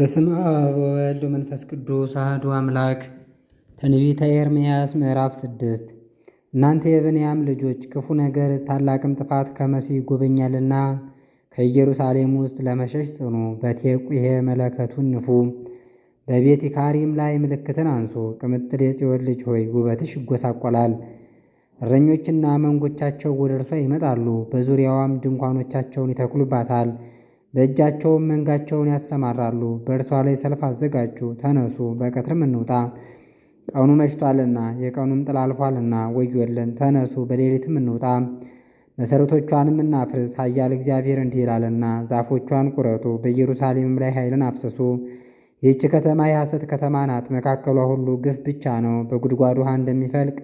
በስመ አብ ወወልድ ወመንፈስ ቅዱስ አህዱ አምላክ። ትንቢተ ኤርምያስ ምዕራፍ ስድስት እናንተ የብንያም ልጆች ክፉ ነገር ታላቅም ጥፋት ከመሲህ ይጎበኛልና ከኢየሩሳሌም ውስጥ ለመሸሽ ጽኑ። በቴቁሄ መለከቱን ንፉ፣ በቤት ካሪም ላይ ምልክትን አንሱ። ቅምጥል የጽዮን ልጅ ሆይ ውበትሽ ይጎሳቆላል። እረኞችና መንጎቻቸው ወደ እርሷ ይመጣሉ፣ በዙሪያዋም ድንኳኖቻቸውን ይተክሉባታል። በእጃቸውም መንጋቸውን ያሰማራሉ በእርሷ ላይ ሰልፍ አዘጋጁ ተነሱ በቀትርም እንውጣ። ቀኑ መሽቷልና የቀኑም ጥላ አልፏልና ወዮልን ተነሱ በሌሊትም እንውጣ። መሠረቶቿንም እናፍርስ ኃያል እግዚአብሔር እንዲህ ይላልና ዛፎቿን ቁረጡ በኢየሩሳሌምም ላይ ኃይልን አፍስሱ። ይህች ከተማ የሐሰት ከተማ ናት መካከሏ ሁሉ ግፍ ብቻ ነው። በጉድጓድ ውሃ እንደሚፈልቅ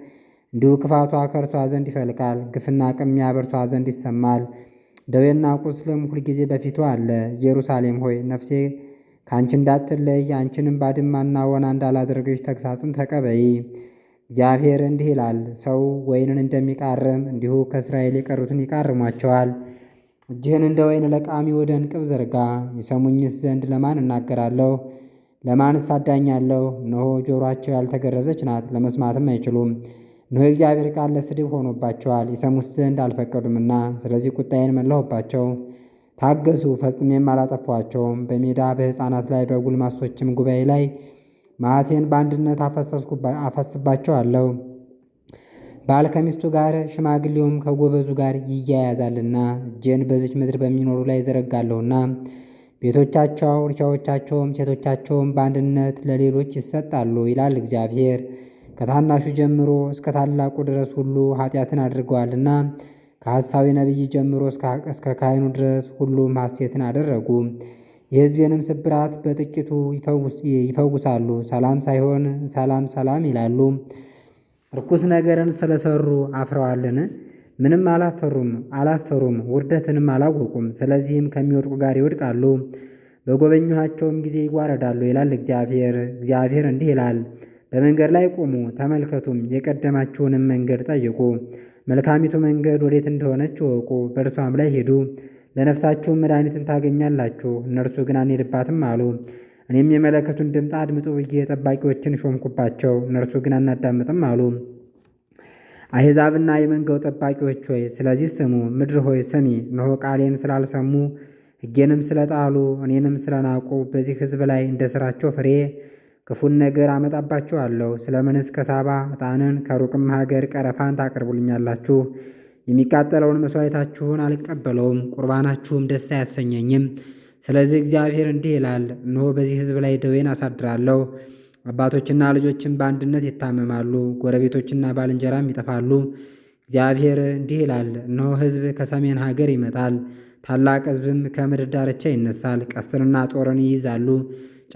እንዲሁ ክፋቷ ከእርሷ ዘንድ ይፈልቃል። ግፍና ቅሚያ በእርሷ ዘንድ ይሰማል። ደዌና ቁስልም ሁልጊዜ በፊቱ አለ። ኢየሩሳሌም ሆይ ነፍሴ ከአንቺ እንዳትለይ፣ አንቺንም ባድማና ወና እንዳላደርግሽ ተግሳጽን ተቀበይ። እግዚአብሔር እንዲህ ይላል፣ ሰው ወይንን እንደሚቃርም እንዲሁ ከእስራኤል የቀሩትን ይቃርሟቸዋል። እጅህን እንደ ወይን ለቃሚ ወደ እንቅብ ዘርጋ። የሰሙኝስ ዘንድ ለማን እናገራለሁ? ለማን እሳዳኛለሁ? እነሆ ጆሮአቸው ያልተገረዘች ናት፣ ለመስማትም አይችሉም። እነሆ የእግዚአብሔር ቃል ለስድብ ሆኖባቸዋል፣ ይሰሙት ዘንድ አልፈቀዱምና። ስለዚህ ቁጣዬን መለሁባቸው፣ ታገሱ፣ ፈጽሜም አላጠፏቸውም። በሜዳ በሕፃናት ላይ በጉልማሶችም ጉባኤ ላይ ማቴን በአንድነት አፈስባቸዋለሁ። ባል ከሚስቱ ጋር ሽማግሌውም ከጎበዙ ጋር ይያያዛልና እጄን በዚች ምድር በሚኖሩ ላይ ዘረጋለሁና ቤቶቻቸው፣ እርሻዎቻቸውም፣ ሴቶቻቸውም በአንድነት ለሌሎች ይሰጣሉ ይላል እግዚአብሔር። ከታናሹ ጀምሮ እስከ ታላቁ ድረስ ሁሉ ኃጢአትን አድርገዋልና ከሐሳዊ ነቢይ ጀምሮ እስከ ካህኑ ድረስ ሁሉም ሐሴትን አደረጉ። የሕዝቤንም ስብራት በጥቂቱ ይፈውሳሉ። ሰላም ሳይሆን ሰላም ሰላም ይላሉ። ርኩስ ነገርን ስለሰሩ አፍረዋልን? ምንም አላፈሩም አላፈሩም ውርደትንም አላወቁም። ስለዚህም ከሚወድቁ ጋር ይወድቃሉ፣ በጎበኘኋቸውም ጊዜ ይጓረዳሉ ይላል እግዚአብሔር። እግዚአብሔር እንዲህ ይላል በመንገድ ላይ ቁሙ ተመልከቱም፣ የቀደማችሁንም መንገድ ጠይቁ። መልካሚቱ መንገድ ወዴት እንደሆነች እወቁ፣ በእርሷም ላይ ሂዱ፣ ለነፍሳችሁም መድኃኒትን ታገኛላችሁ። እነርሱ ግን አንሄድባትም አሉ። እኔም የመለከቱን ድምፅ አድምጡ ብዬ ጠባቂዎችን ሾምኩባቸው፣ እነርሱ ግን አናዳምጥም አሉ። አሕዛብና የመንጋው ጠባቂዎች ሆይ ስለዚህ ስሙ። ምድር ሆይ ስሚ። እነሆ ቃሌን ስላልሰሙ ሕጌንም ስለጣሉ እኔንም ስለናቁ በዚህ ሕዝብ ላይ እንደ ሥራቸው ፍሬ ክፉን ነገር አመጣባችኋለሁ። ስለምንስ ከሳባ ዕጣንን ከሩቅም ሀገር ቀረፋን ታቀርቡልኛላችሁ? የሚቃጠለውን መሥዋዕታችሁን አልቀበለውም፣ ቁርባናችሁም ደስ አያሰኘኝም። ስለዚህ እግዚአብሔር እንዲህ ይላል፣ እነሆ በዚህ ሕዝብ ላይ ደዌን አሳድራለሁ። አባቶችና ልጆችም በአንድነት ይታመማሉ፣ ጎረቤቶችና ባልንጀራም ይጠፋሉ። እግዚአብሔር እንዲህ ይላል፣ እነሆ ሕዝብ ከሰሜን ሀገር ይመጣል፣ ታላቅ ሕዝብም ከምድር ዳርቻ ይነሳል፣ ቀስትንና ጦርን ይይዛሉ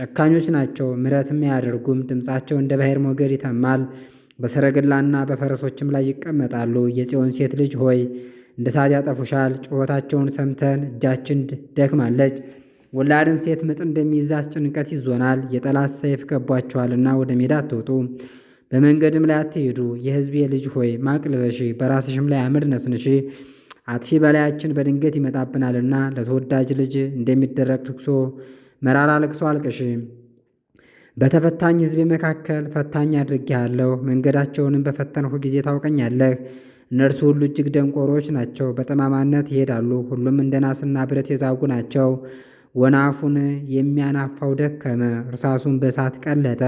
ጨካኞች ናቸው፣ ምረትም አያደርጉም። ድምፃቸው እንደ ባሕር ሞገድ ይተማል፣ በሰረግላና በፈረሶችም ላይ ይቀመጣሉ። የጽዮን ሴት ልጅ ሆይ እንደ ሳት ያጠፉሻል። ጩኸታቸውን ሰምተን እጃችን ደክማለች። ወላድን ሴት ምጥ እንደሚይዛት ጭንቀት ይዞናል። የጠላት ሰይፍ ከቧቸዋልና ወደ ሜዳ አትወጡ በመንገድም ላይ አትሄዱ። የሕዝቤ ልጅ ሆይ ማቅ ልበሺ፣ በራስሽም ላይ አመድ ነስንሺ። አጥፊ በላያችን በድንገት ይመጣብናልና ለተወዳጅ ልጅ እንደሚደረግ ትኩሶ! መራራ ልቅሶ አልቅሽም። በተፈታኝ ሕዝቤ መካከል ፈታኝ አድርጌሃለሁ። መንገዳቸውንም በፈተንሁ ጊዜ ታውቀኛለህ። እነርሱ ሁሉ እጅግ ደንቆሮች ናቸው፣ በጠማማነት ይሄዳሉ። ሁሉም እንደ ናስና ብረት የዛጉ ናቸው። ወናፉን የሚያናፋው ደከመ፣ እርሳሱን በእሳት ቀለጠ።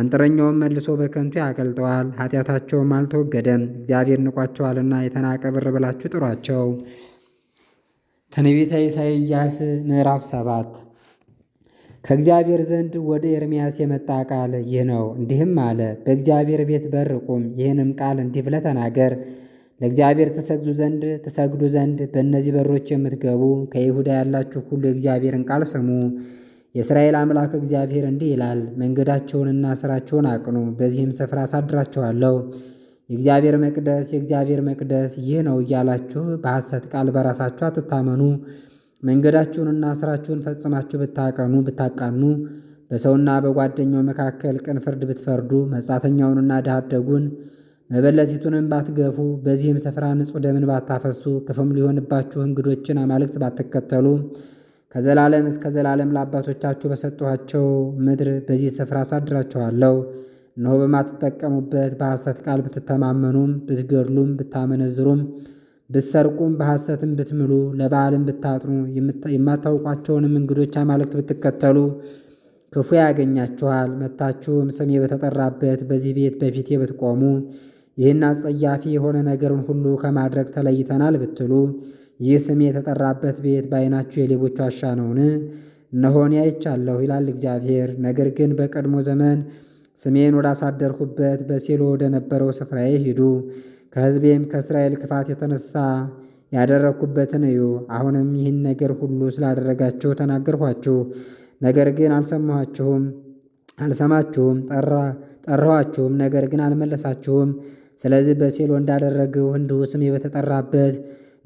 አንጥረኛውን መልሶ በከንቱ ያቀልጠዋል። ኃጢአታቸውም አልተወገደም። እግዚአብሔር ንቋቸዋልና የተናቀ ብር ብላችሁ ጥሯቸው። ትንቢተ ኢሳይያስ ምዕራፍ ሰባት ከእግዚአብሔር ዘንድ ወደ ኤርምያስ የመጣ ቃል ይህ ነው፣ እንዲህም አለ። በእግዚአብሔር ቤት በር ቁም፣ ይህንም ቃል እንዲህ ብለህ ተናገር። ለእግዚአብሔር ትሰግዱ ዘንድ ትሰግዱ ዘንድ በእነዚህ በሮች የምትገቡ ከይሁዳ ያላችሁ ሁሉ የእግዚአብሔርን ቃል ስሙ። የእስራኤል አምላክ እግዚአብሔር እንዲህ ይላል፣ መንገዳቸውንና ሥራቸውን አቅኑ፣ በዚህም ስፍራ አሳድራቸዋለሁ። የእግዚአብሔር መቅደስ የእግዚአብሔር መቅደስ ይህ ነው እያላችሁ በሐሰት ቃል በራሳችሁ አትታመኑ። መንገዳችሁንና ስራችሁን ፈጽማችሁ ብታቀኑ ብታቃኑ በሰውና በጓደኛው መካከል ቅን ፍርድ ብትፈርዱ መጻተኛውንና ድሀ አደጉን መበለቲቱንም ባትገፉ በዚህም ስፍራ ንጹሕ ደምን ባታፈሱ ክፉም ሊሆንባችሁ እንግዶችን አማልክት ባትከተሉ ከዘላለም እስከ ዘላለም ለአባቶቻችሁ በሰጠኋቸው ምድር በዚህ ስፍራ አሳድራችኋለሁ። እነሆ በማትጠቀሙበት በሐሰት ቃል ብትተማመኑም ብትገድሉም ብታመነዝሩም ብትሰርቁም በሐሰትም ብትምሉ ለበዓልም ብታጥኑ የማታውቋቸውንም እንግዶች አማልክት ብትከተሉ ክፉ ያገኛችኋል። መታችሁም ስሜ በተጠራበት በዚህ ቤት በፊቴ ብትቆሙ ይህን አጸያፊ የሆነ ነገርን ሁሉ ከማድረግ ተለይተናል ብትሉ ይህ ስሜ የተጠራበት ቤት በዓይናችሁ የሌቦች ዋሻ ነውን? እነሆን እኔ አይቻለሁ ይላል እግዚአብሔር። ነገር ግን በቀድሞ ዘመን ስሜን ወዳሳደርሁበት በሴሎ ወደ ነበረው ስፍራዬ ሂዱ ከሕዝቤም ከእስራኤል ክፋት የተነሳ ያደረግኩበትን እዩ። አሁንም ይህን ነገር ሁሉ ስላደረጋችሁ ተናገርኋችሁ፣ ነገር ግን አልሰማችሁም አልሰማችሁም ጠራኋችሁም፣ ነገር ግን አልመለሳችሁም። ስለዚህ በሴሎ እንዳደረገው እንዲሁ ስሜ በተጠራበት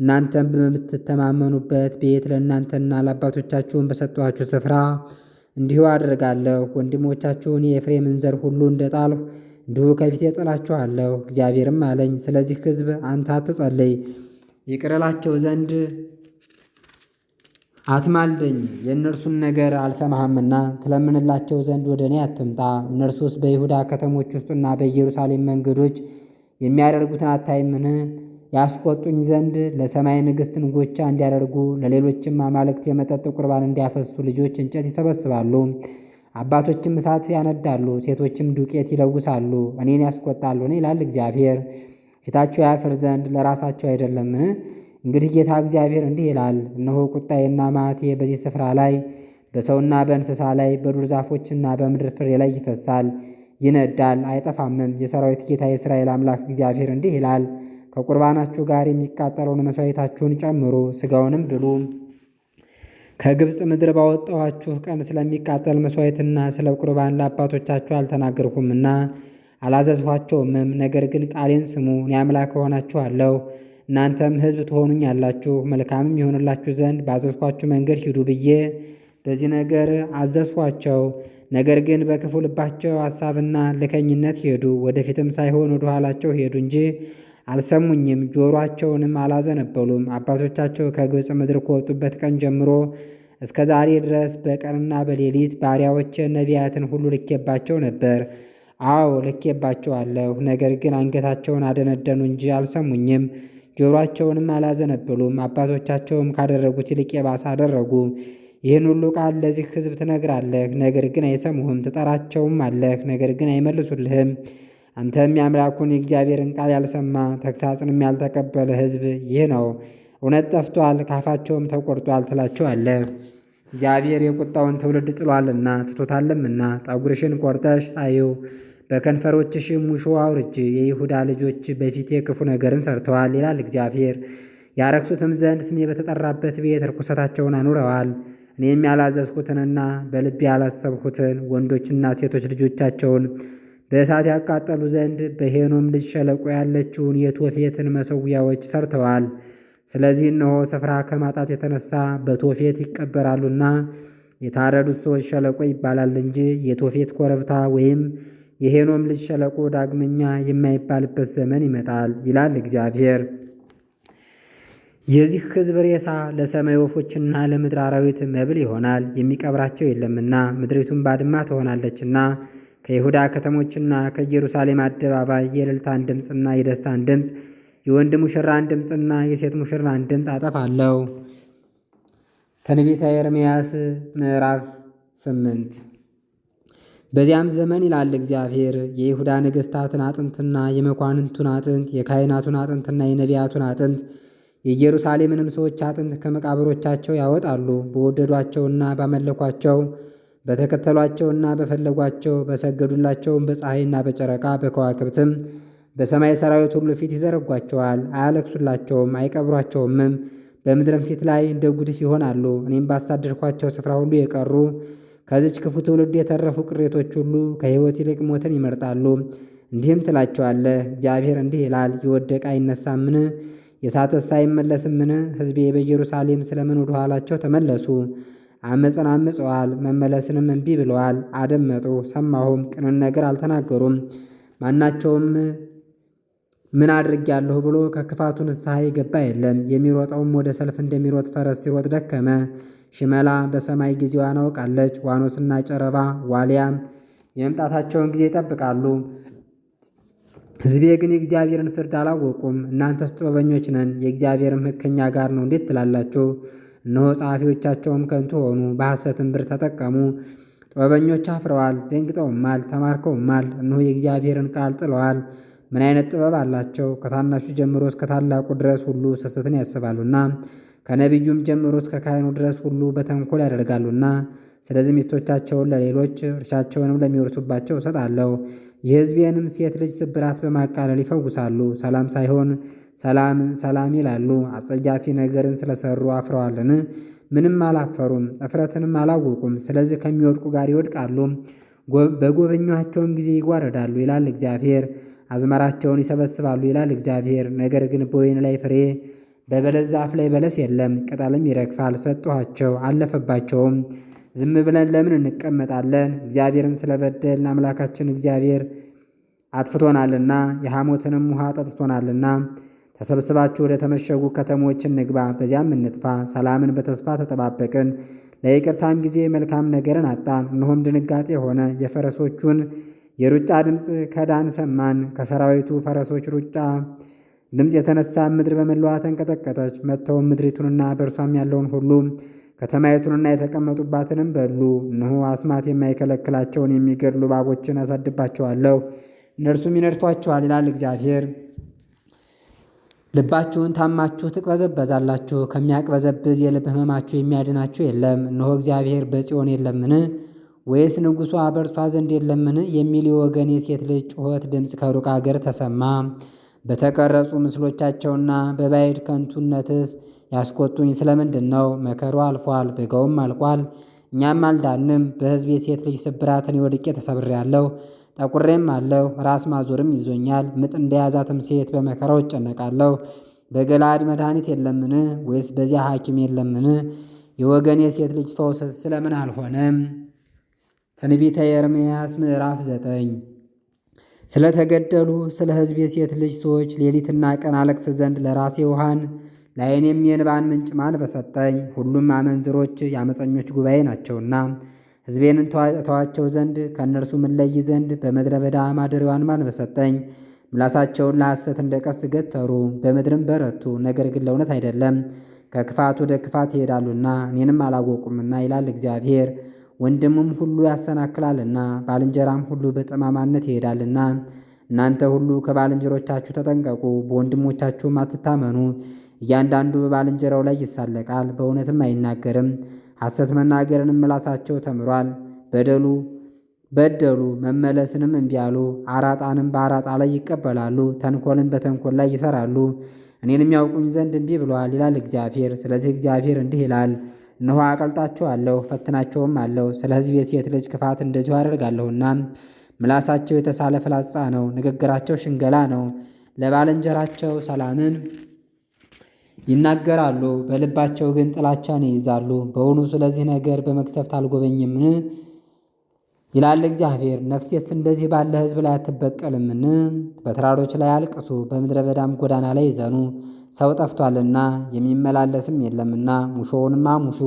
እናንተም በምትተማመኑበት ቤት ለእናንተና ለአባቶቻችሁን በሰጠኋችሁ ስፍራ እንዲሁ አድርጋለሁ ወንድሞቻችሁን የኤፍሬምን ዘር ሁሉ እንደጣልሁ እንዲሁ ከፊቴ እጥላችኋለሁ። እግዚአብሔርም አለኝ ስለዚህ ሕዝብ አንተ አትጸልይ፣ ይቅር ዘንድ አትማልደኝ። የእነርሱን ነገር አልሰማህምና ትለምንላቸው ዘንድ ወደ እኔ አትምጣ። እነርሱስ በይሁዳ ከተሞች ውስጥና በኢየሩሳሌም መንገዶች የሚያደርጉትን አታይምን? ያስቆጡኝ ዘንድ ለሰማይ ንግሥት እንጎቻ እንዲያደርጉ ለሌሎችም አማልክት የመጠጥ ቁርባን እንዲያፈሱ ልጆች እንጨት ይሰበስባሉ። አባቶችም እሳት ያነዳሉ፣ ሴቶችም ዱቄት ይለውሳሉ፣ እኔን ያስቆጣሉን ይላል እግዚአብሔር። ፊታቸው ያፍር ዘንድ ለራሳቸው አይደለምን? እንግዲህ ጌታ እግዚአብሔር እንዲህ ይላል፣ እነሆ ቁጣዬና መዓቴ በዚህ ስፍራ ላይ በሰውና በእንስሳ ላይ በዱር ዛፎችና በምድር ፍሬ ላይ ይፈሳል፣ ይነዳል፣ አይጠፋምም። የሰራዊት ጌታ የእስራኤል አምላክ እግዚአብሔር እንዲህ ይላል፣ ከቁርባናችሁ ጋር የሚቃጠለውን መሥዋዕታችሁን ጨምሩ፣ ሥጋውንም ብሉ። ከግብፅ ምድር ባወጣኋችሁ ቀን ስለሚቃጠል መሥዋዕትና ስለ ቁርባን ለአባቶቻችሁ አልተናገርሁምና አላዘዝኋቸውምም። ነገር ግን ቃሌን ስሙ፣ እኔ አምላክ እሆናችኋለሁ፣ እናንተም ሕዝብ አላችሁ። መልካምም የሆንላችሁ ዘንድ ባዘዝኳችሁ መንገድ ሂዱ ብዬ በዚህ ነገር አዘዝኋቸው። ነገር ግን በክፉ ልባቸው ሐሳብና ልከኝነት ሄዱ፣ ወደፊትም ሳይሆን ወደኋላቸው ሄዱ እንጂ አልሰሙኝም፣ ጆሮአቸውንም አላዘነበሉም። አባቶቻቸው ከግብፅ ምድር ከወጡበት ቀን ጀምሮ እስከ ዛሬ ድረስ በቀንና በሌሊት ባሪያዎች ነቢያትን ሁሉ ልኬባቸው ነበር። አዎ ልኬባቸዋለሁ። ነገር ግን አንገታቸውን አደነደኑ እንጂ አልሰሙኝም፣ ጆሯቸውንም አላዘነበሉም። አባቶቻቸውም ካደረጉት ይልቅ የባሰ አደረጉ። ይህን ሁሉ ቃል ለዚህ ሕዝብ ትነግራለህ፣ ነገር ግን አይሰሙህም። ትጠራቸውም አለህ፣ ነገር ግን አይመልሱልህም። አንተም የአምላኩን የእግዚአብሔርን ቃል ያልሰማ ተግሳጽንም ያልተቀበለ ሕዝብ ይህ ነው፣ እውነት ጠፍቷል፣ ካፋቸውም ተቆርጧል ትላቸዋለህ። እግዚአብሔር የቁጣውን ትውልድ ጥሏልና ትቶታለምና ጠጉርሽን ቆርጠሽ ጣዪው፣ በከንፈሮችሽም ሙሾ አውርጅ። የይሁዳ ልጆች በፊቴ ክፉ ነገርን ሰርተዋል ይላል እግዚአብሔር። ያረክሱትም ዘንድ ስሜ በተጠራበት ቤት ርኩሰታቸውን አኑረዋል። እኔም ያላዘዝሁትንና በልቤ ያላሰብኩትን ወንዶችና ሴቶች ልጆቻቸውን በእሳት ያቃጠሉ ዘንድ በሄኖም ልጅ ሸለቆ ያለችውን የቶፌትን መሰዊያዎች ሰርተዋል። ስለዚህ እነሆ ስፍራ ከማጣት የተነሳ በቶፌት ይቀበራሉና የታረዱት ሰዎች ሸለቆ ይባላል እንጂ የቶፌት ኮረብታ ወይም የሄኖም ልጅ ሸለቆ ዳግመኛ የማይባልበት ዘመን ይመጣል ይላል እግዚአብሔር። የዚህ ሕዝብ ሬሳ ለሰማይ ወፎችና ለምድር አራዊት መብል ይሆናል፣ የሚቀብራቸው የለምና ምድሪቱን ባድማ ትሆናለችና ከይሁዳ ከተሞችና ከኢየሩሳሌም አደባባይ የእልልታን ድምፅና የደስታን ድምፅ የወንድ ሙሽራን ድምፅና የሴት ሙሽራን ድምፅ አጠፋለሁ። ትንቢተ ኤርምያስ ምዕራፍ ስምንት በዚያም ዘመን ይላል እግዚአብሔር የይሁዳ ነገሥታትን አጥንትና የመኳንንቱን አጥንት የካህናቱን አጥንትና የነቢያቱን አጥንት የኢየሩሳሌምንም ሰዎች አጥንት ከመቃብሮቻቸው ያወጣሉ በወደዷቸውና ባመለኳቸው በተከተሏቸውና በፈለጓቸው በሰገዱላቸውም በፀሐይና በጨረቃ በከዋክብትም በሰማይ ሰራዊት ሁሉ ፊት ይዘረጓቸዋል። አያለቅሱላቸውም፣ አይቀብሯቸውምም። በምድርም ፊት ላይ እንደ ጉድፍ ይሆናሉ። እኔም ባሳደድኳቸው ስፍራ ሁሉ የቀሩ ከዚች ክፉ ትውልድ የተረፉ ቅሬቶች ሁሉ ከሕይወት ይልቅ ሞትን ይመርጣሉ። እንዲህም ትላቸዋለህ፣ እግዚአብሔር እንዲህ ይላል፣ የወደቀ አይነሳምን? የሳተስ አይመለስምን? ሕዝቤ በኢየሩሳሌም ስለምን ወደኋላቸው ኋላቸው ተመለሱ? አመፅን አምፀዋል፣ መመለስንም እምቢ ብለዋል። አደመጡ ሰማሁም፣ ቅንን ነገር አልተናገሩም። ማናቸውም ምን አድርጌያለሁ ብሎ ከክፋቱ ንስሐ የገባ የለም። የሚሮጠውም ወደ ሰልፍ እንደሚሮጥ ፈረስ ሲሮጥ ደከመ። ሽመላ በሰማይ ጊዜዋን አውቃለች። ዋኖስና ጨረባ ዋሊያም የመምጣታቸውን ጊዜ ይጠብቃሉ። ሕዝቤ ግን የእግዚአብሔርን ፍርድ አላወቁም። እናንተስ ጥበበኞች ነን፣ የእግዚአብሔርም ሕግ ከእኛ ጋር ነው እንዴት ትላላችሁ? እነሆ ጸሐፊዎቻቸውም ከንቱ ሆኑ፣ በሐሰትም ብር ተጠቀሙ። ጥበበኞች አፍረዋል፣ ደንግጠውማል፣ ተማርከውማል። እነሆ የእግዚአብሔርን ቃል ጥለዋል። ምን አይነት ጥበብ አላቸው! ከታናሹ ጀምሮ እስከ ታላቁ ድረስ ሁሉ ስስትን ያስባሉና ከነቢዩም ጀምሮ እስከ ካህኑ ድረስ ሁሉ በተንኮል ያደርጋሉና ስለዚህ ሚስቶቻቸውን ለሌሎች እርሻቸውንም ለሚወርሱባቸው እሰጣለሁ። የሕዝቤንም ሴት ልጅ ስብራት በማቃለል ይፈውሳሉ። ሰላም ሳይሆን ሰላም ሰላም ይላሉ። አጸያፊ ነገርን ስለሰሩ አፍረዋልን? ምንም አላፈሩም፣ እፍረትንም አላወቁም። ስለዚህ ከሚወድቁ ጋር ይወድቃሉ፣ በጎበኟቸውም ጊዜ ይጓረዳሉ ይላል እግዚአብሔር። አዝመራቸውን ይሰበስባሉ ይላል እግዚአብሔር። ነገር ግን በወይን ላይ ፍሬ በበለስ ዛፍ ላይ በለስ የለም። ቅጠልም ይረግፋል። ሰጥኋቸው አለፈባቸውም። ዝም ብለን ለምን እንቀመጣለን? እግዚአብሔርን ስለበደልን አምላካችን እግዚአብሔር አጥፍቶናልና የሐሞትንም ውሃ ጠጥቶናልና ተሰብስባችሁ ወደ ተመሸጉ ከተሞች እንግባ፣ በዚያም እንጥፋ። ሰላምን በተስፋ ተጠባበቅን፣ ለይቅርታም ጊዜ መልካም ነገርን አጣን። እነሆም ድንጋጤ ሆነ፣ የፈረሶቹን የሩጫ ድምፅ ከዳን ሰማን። ከሰራዊቱ ፈረሶች ሩጫ ድምፅ የተነሳ ምድር በመለዋ ተንቀጠቀጠች። መጥተውም ምድሪቱንና በእርሷም ያለውን ሁሉ ከተማይቱንና የተቀመጡባትንም በሉ። እነሆ አስማት የማይከለክላቸውን የሚገድሉ እባቦችን አሳድባቸዋለሁ፣ እነርሱም ይነድፏቸዋል ይላል እግዚአብሔር። ልባችሁን ታማችሁ ትቅበዘበዛላችሁ ከሚያቅበዘብዝ የልብ ሕመማችሁ የሚያድናችሁ የለም። እነሆ እግዚአብሔር በጽዮን የለምን? ወይስ ንጉሷ በእርሷ ዘንድ የለምን? የሚል የወገን የሴት ልጅ ጩኸት ድምፅ ከሩቅ አገር ተሰማ። በተቀረጹ ምስሎቻቸውና በባዕድ ከንቱነትስ ያስቆጡኝ ስለምንድን ነው? መከሩ አልፏል፣ በጋውም አልቋል፣ እኛም አልዳንም። በሕዝብ የሴት ልጅ ስብራትን እኔ ወድቄ ተሰብሬያለሁ። ጠቁሬም አለው ራስ ማዞርም ይዞኛል፣ ምጥ እንደያዛትም ሴት በመከራው እጨነቃለሁ። በገላድ መድኃኒት የለምን? ወይስ በዚያ ሐኪም የለምን? የወገን የሴት ልጅ ፈውስ ስለምን አልሆነም? ትንቢተ ኤርምያስ ምዕራፍ ዘጠኝ ስለተገደሉ ስለ ሕዝብ የሴት ልጅ ሰዎች ሌሊትና ቀን አለቅስ ዘንድ ለራሴ ውሃን ለዓይኔም የንባን ምንጭ ማን በሰጠኝ? ሁሉም አመንዝሮች የአመፀኞች ጉባኤ ናቸውና ሕዝቤንን ተዋቸው ዘንድ ከእነርሱ ምንለይ ዘንድ በምድረ በዳ ማደሪያዋን ማን በሰጠኝ። ምላሳቸውን ለሐሰት እንደ ቀስት ገተሩ፣ በምድርም በረቱ፣ ነገር ግን ለእውነት አይደለም። ከክፋት ወደ ክፋት ይሄዳሉና እኔንም አላወቁምና ይላል እግዚአብሔር። ወንድምም ሁሉ ያሰናክላልና ባልንጀራም ሁሉ በጠማማነት ይሄዳልና። እናንተ ሁሉ ከባልንጀሮቻችሁ ተጠንቀቁ፣ በወንድሞቻችሁም አትታመኑ። እያንዳንዱ በባልንጀራው ላይ ይሳለቃል፣ በእውነትም አይናገርም። ሐሰት መናገርንም ምላሳቸው ተምሯል። በደሉ በደሉ መመለስንም እምቢ አሉ። አራጣንም በአራጣ ላይ ይቀበላሉ። ተንኮልን በተንኮል ላይ ይሰራሉ። እኔንም ያውቁኝ ዘንድ እምቢ ብለዋል ይላል እግዚአብሔር። ስለዚህ እግዚአብሔር እንዲህ ይላል፣ እነሆ አቀልጣቸዋለሁ ፈትናቸውም አለው። ስለ ሕዝብ የሴት ልጅ ክፋት እንደዚሁ አደርጋለሁና ምላሳቸው የተሳለ ፍላጻ ነው፣ ንግግራቸው ሽንገላ ነው። ለባልንጀራቸው ሰላምን ይናገራሉ በልባቸው ግን ጥላቻን ይይዛሉ። በውኑ ስለዚህ ነገር በመቅሰፍት አልጎበኝምን? ይላል እግዚአብሔር። ነፍሴስ እንደዚህ ባለ ሕዝብ ላይ አትበቀልምን? በተራሮች ላይ አልቅሱ፣ በምድረ በዳም ጎዳና ላይ ይዘኑ። ሰው ጠፍቷልና የሚመላለስም የለምና፣ ሙሾውንም አሙሹ።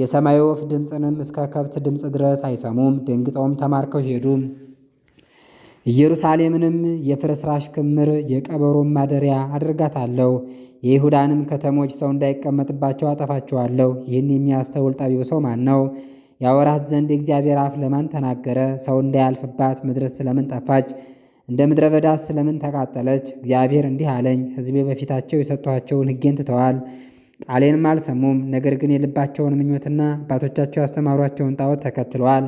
የሰማይ ወፍ ድምፅንም እስከ ከብት ድምፅ ድረስ አይሰሙም፣ ደንግጠውም ተማርከው ሄዱ። ኢየሩሳሌምንም የፍርስራሽ ክምር የቀበሮም ማደሪያ አድርጋታለሁ። የይሁዳንም ከተሞች ሰው እንዳይቀመጥባቸው አጠፋቸዋለሁ። ይህን የሚያስተውል ጠቢብ ሰው ማን ነው? ያወራት ዘንድ የእግዚአብሔር አፍ ለማን ተናገረ? ሰው እንዳያልፍባት ምድርስ ስለምን ጠፋች? እንደ ምድረ በዳስ ስለምን ተቃጠለች? እግዚአብሔር እንዲህ አለኝ፣ ሕዝቤ በፊታቸው የሰጧቸውን ሕጌን ትተዋል፣ ቃሌንም አልሰሙም። ነገር ግን የልባቸውን ምኞትና አባቶቻቸው ያስተማሯቸውን ጣዖት ተከትለዋል።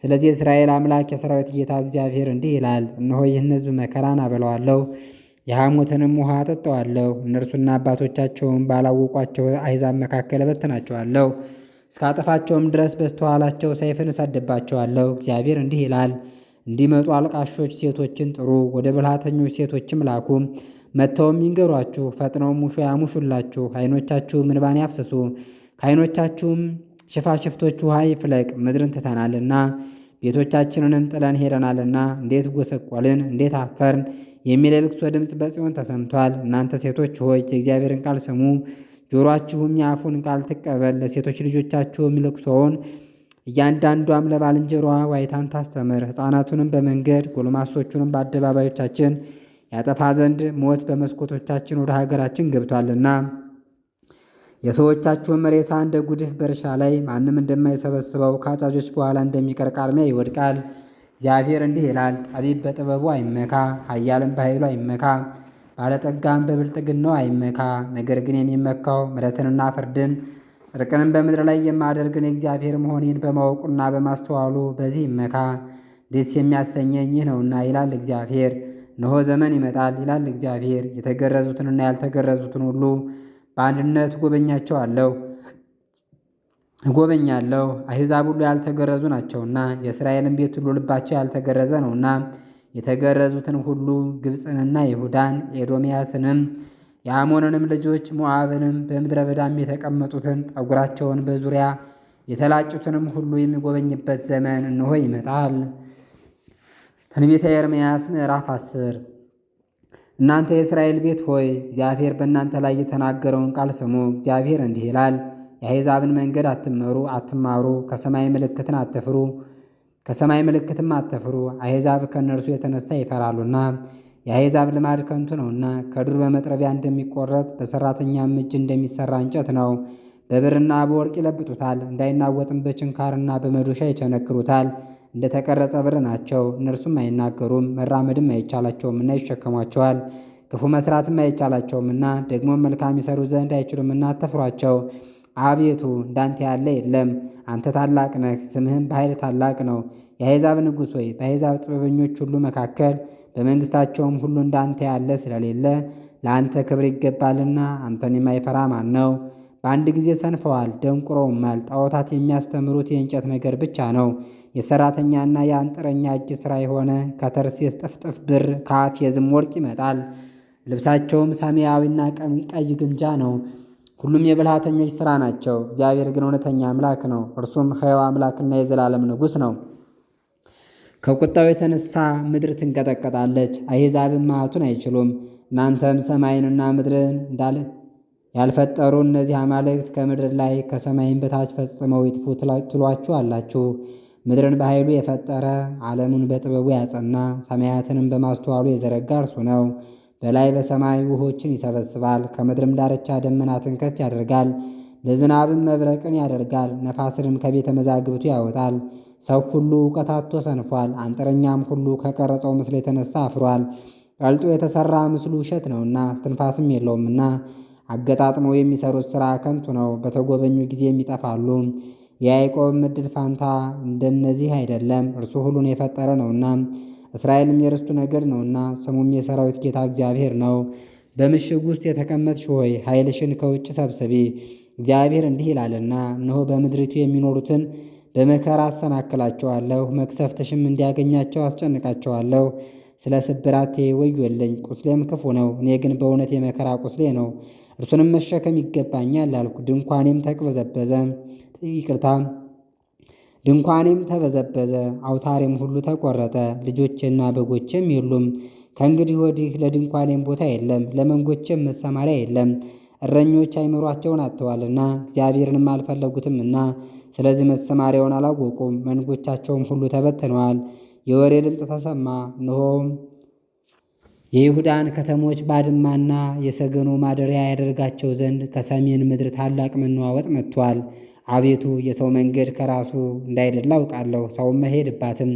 ስለዚህ የእስራኤል አምላክ የሰራዊት ጌታ እግዚአብሔር እንዲህ ይላል፣ እነሆ ይህን ሕዝብ መከራን አበለዋለሁ፣ የሐሞትንም ውሃ አጠጠዋለሁ። እነርሱና አባቶቻቸውን ባላወቋቸው አሕዛብ መካከል እበትናቸዋለሁ፣ እስካጠፋቸውም ድረስ በስተኋላቸው ሰይፍን እሰድባቸዋለሁ። እግዚአብሔር እንዲህ ይላል፣ እንዲመጡ አልቃሾች ሴቶችን ጥሩ፣ ወደ ብልሃተኞች ሴቶችም ላኩ። መጥተውም ይንገሯችሁ፣ ፈጥነውም ሙሾ ያሙሹላችሁ፣ ዓይኖቻችሁም እንባን ያፍስሱ፣ ከዓይኖቻችሁም ሽፋሽፍቶች ውሃ ይፍለቅ ምድርን ትተናልና ቤቶቻችንንም ጥለን ሄደናልና እንዴት ጎሰቆልን እንዴት አፈርን የሚል የልቅሶ ድምፅ በጽዮን ተሰምቷል። እናንተ ሴቶች ሆይ የእግዚአብሔርን ቃል ስሙ፣ ጆሮአችሁም የአፉን ቃል ትቀበል። ለሴቶች ልጆቻችሁም ልቅሶውን እያንዳንዷም ለባልንጀሯ ዋይታን ታስተምር። ሕፃናቱንም በመንገድ ጎልማሶቹንም በአደባባዮቻችን ያጠፋ ዘንድ ሞት በመስኮቶቻችን ወደ ሀገራችን ገብቷልና የሰዎቻችሁም ሬሳ እንደ ጉድፍ በእርሻ ላይ ማንም እንደማይሰበስበው ከአጫጆች በኋላ እንደሚቀር ቃርሚያ ይወድቃል። እግዚአብሔር እንዲህ ይላል፣ ጠቢብ በጥበቡ አይመካ፣ ኃያልም በኃይሉ አይመካ፣ ባለጠጋም በብልጥግናው አይመካ። ነገር ግን የሚመካው ምሕረትንና ፍርድን ጽድቅንም በምድር ላይ የማደርግን የእግዚአብሔር መሆኔን በማወቁና በማስተዋሉ በዚህ ይመካ። ደስ የሚያሰኘኝ ይህ ነውና ይላል እግዚአብሔር። እነሆ ዘመን ይመጣል ይላል እግዚአብሔር፣ የተገረዙትንና ያልተገረዙትን ሁሉ በአንድነት ጎበኛቸዋለሁ እጎበኛለሁ። አሕዛብ ሁሉ ያልተገረዙ ናቸውና የእስራኤልን ቤት ሁሉ ልባቸው ያልተገረዘ ነውና የተገረዙትን ሁሉ ግብፅንና ይሁዳን ኤዶምያስንም የአሞንንም ልጆች ሞዓብንም በምድረ በዳም የተቀመጡትን ጠጉራቸውን በዙሪያ የተላጩትንም ሁሉ የሚጎበኝበት ዘመን እንሆ ይመጣል። ትንቢተ ኤርምያስ ምዕራፍ አስር እናንተ የእስራኤል ቤት ሆይ እግዚአብሔር በእናንተ ላይ የተናገረውን ቃል ስሙ። እግዚአብሔር እንዲህ ይላል፣ የአሕዛብን መንገድ አትመሩ፣ አትማሩ፣ ከሰማይ ምልክትን አትፍሩ፣ ከሰማይ ምልክትም አትፍሩ። አሕዛብ ከእነርሱ የተነሳ ይፈራሉና የአሕዛብ ልማድ ከንቱ ነውና ከዱር በመጥረቢያ እንደሚቆረጥ በሠራተኛም እጅ እንደሚሠራ እንጨት ነው። በብርና በወርቅ ይለብጡታል፣ እንዳይናወጥም በችንካርና በመዶሻ ይቸነክሩታል። እንደተቀረጸ ብር ናቸው። እነርሱም አይናገሩም፣ መራመድም አይቻላቸውምና ይሸከሟቸዋል። ክፉ መስራትም አይቻላቸውምና ደግሞ መልካም ይሰሩ ዘንድ አይችሉምና አትፍሯቸው። አቤቱ እንዳንተ ያለ የለም፣ አንተ ታላቅ ነህ፣ ስምህም በኃይል ታላቅ ነው። የአሕዛብ ንጉሥ ሆይ በአሕዛብ ጥበበኞች ሁሉ መካከል በመንግሥታቸውም ሁሉ እንዳንተ ያለ ስለሌለ ለአንተ ክብር ይገባልና አንተን የማይፈራ ማን ነው? በአንድ ጊዜ ሰንፈዋል፣ ደንቁረውማል። ጣዖታት የሚያስተምሩት የእንጨት ነገር ብቻ ነው። የሰራተኛና የአንጥረኛ እጅ ሥራ የሆነ ከተርሴስ ጥፍጥፍ ብር ከአፍ የዝም ወርቅ ይመጣል። ልብሳቸውም ሰማያዊና ቀይ ግምጃ ነው። ሁሉም የብልሃተኞች ሥራ ናቸው። እግዚአብሔር ግን እውነተኛ አምላክ ነው። እርሱም ሕያው አምላክና የዘላለም ንጉሥ ነው። ከቁጣው የተነሳ ምድር ትንቀጠቀጣለች፣ አሕዛብም መዓቱን አይችሉም። እናንተም ሰማይንና ምድርን እንዳለ ያልፈጠሩ እነዚህ አማልክት ከምድር ላይ ከሰማይም በታች ፈጽመው ይጥፉ ትሏችሁ አላችሁ። ምድርን በኃይሉ የፈጠረ ዓለሙን በጥበቡ ያጸና ሰማያትንም በማስተዋሉ የዘረጋ እርሱ ነው። በላይ በሰማይ ውሆችን ይሰበስባል፣ ከምድርም ዳርቻ ደመናትን ከፍ ያደርጋል። ለዝናብም መብረቅን ያደርጋል፣ ነፋስንም ከቤተ መዛግብቱ ያወጣል። ሰው ሁሉ እውቀት አጥቶ ሰንፏል፣ አንጥረኛም ሁሉ ከቀረጸው ምስል የተነሳ አፍሯል። ቀልጦ የተሠራ ምስሉ ውሸት ነውና እስትንፋስም የለውምና አገጣጥመው የሚሰሩት ሥራ ከንቱ ነው፣ በተጎበኙ ጊዜም ይጠፋሉ። የያዕቆብም ዕድል ፋንታ እንደነዚህ አይደለም፣ እርሱ ሁሉን የፈጠረ ነውና እስራኤልም የርስቱ ነገድ ነውና ስሙም የሰራዊት ጌታ እግዚአብሔር ነው። በምሽግ ውስጥ የተቀመጥሽ ሆይ ኃይልሽን ከውጭ ሰብስቢ፣ እግዚአብሔር እንዲህ ይላልና እነሆ በምድሪቱ የሚኖሩትን በመከራ አሰናክላቸዋለሁ፣ መክሰፍተሽም እንዲያገኛቸው አስጨንቃቸዋለሁ። ስለ ስብራቴ ወዮልኝ፣ ቁስሌም ክፉ ነው። እኔ ግን በእውነት የመከራ ቁስሌ ነው። እርሱንም መሸከም ይገባኛል አልኩ። ድንኳኔም ተቅበዘበዘ፣ ይቅርታ ድንኳኔም ተበዘበዘ፣ አውታሬም ሁሉ ተቆረጠ፣ ልጆቼና በጎቼም የሉም። ከእንግዲህ ወዲህ ለድንኳኔም ቦታ የለም፣ ለመንጎቼም መሰማሪያ የለም። እረኞች አይምሯቸውን አጥተዋልና እግዚአብሔርንም አልፈለጉትምና ስለዚህ መሰማሪያውን አላወቁም። መንጎቻቸውም ሁሉ ተበትነዋል። የወሬ ድምፅ ተሰማ። እነሆም የይሁዳን ከተሞች ባድማና የሰገኑ ማደሪያ ያደርጋቸው ዘንድ ከሰሜን ምድር ታላቅ መነዋወጥ መጥቷል። አቤቱ የሰው መንገድ ከራሱ እንዳይደላ አውቃለሁ። ሰውም መሄድባትም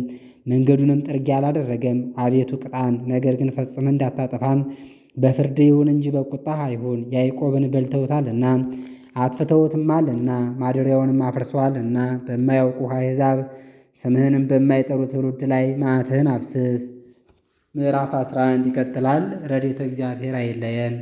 መንገዱንም ጥርጌ አላደረገም። አቤቱ ቅጣን፣ ነገር ግን ፈጽመ እንዳታጠፋም በፍርድ ይሁን እንጂ በቁጣ አይሁን። ያዕቆብን በልተውታልና አጥፍተውትማልና ማደሪያውንም አፍርሰዋልና በማያውቁ አሕዛብ ስምህንም በማይጠሩ ትውልድ ላይ መዓትህን አፍስስ። ምዕራፍ 11 ይቀጥላል። ረድኤተ እግዚአብሔር አይለየን።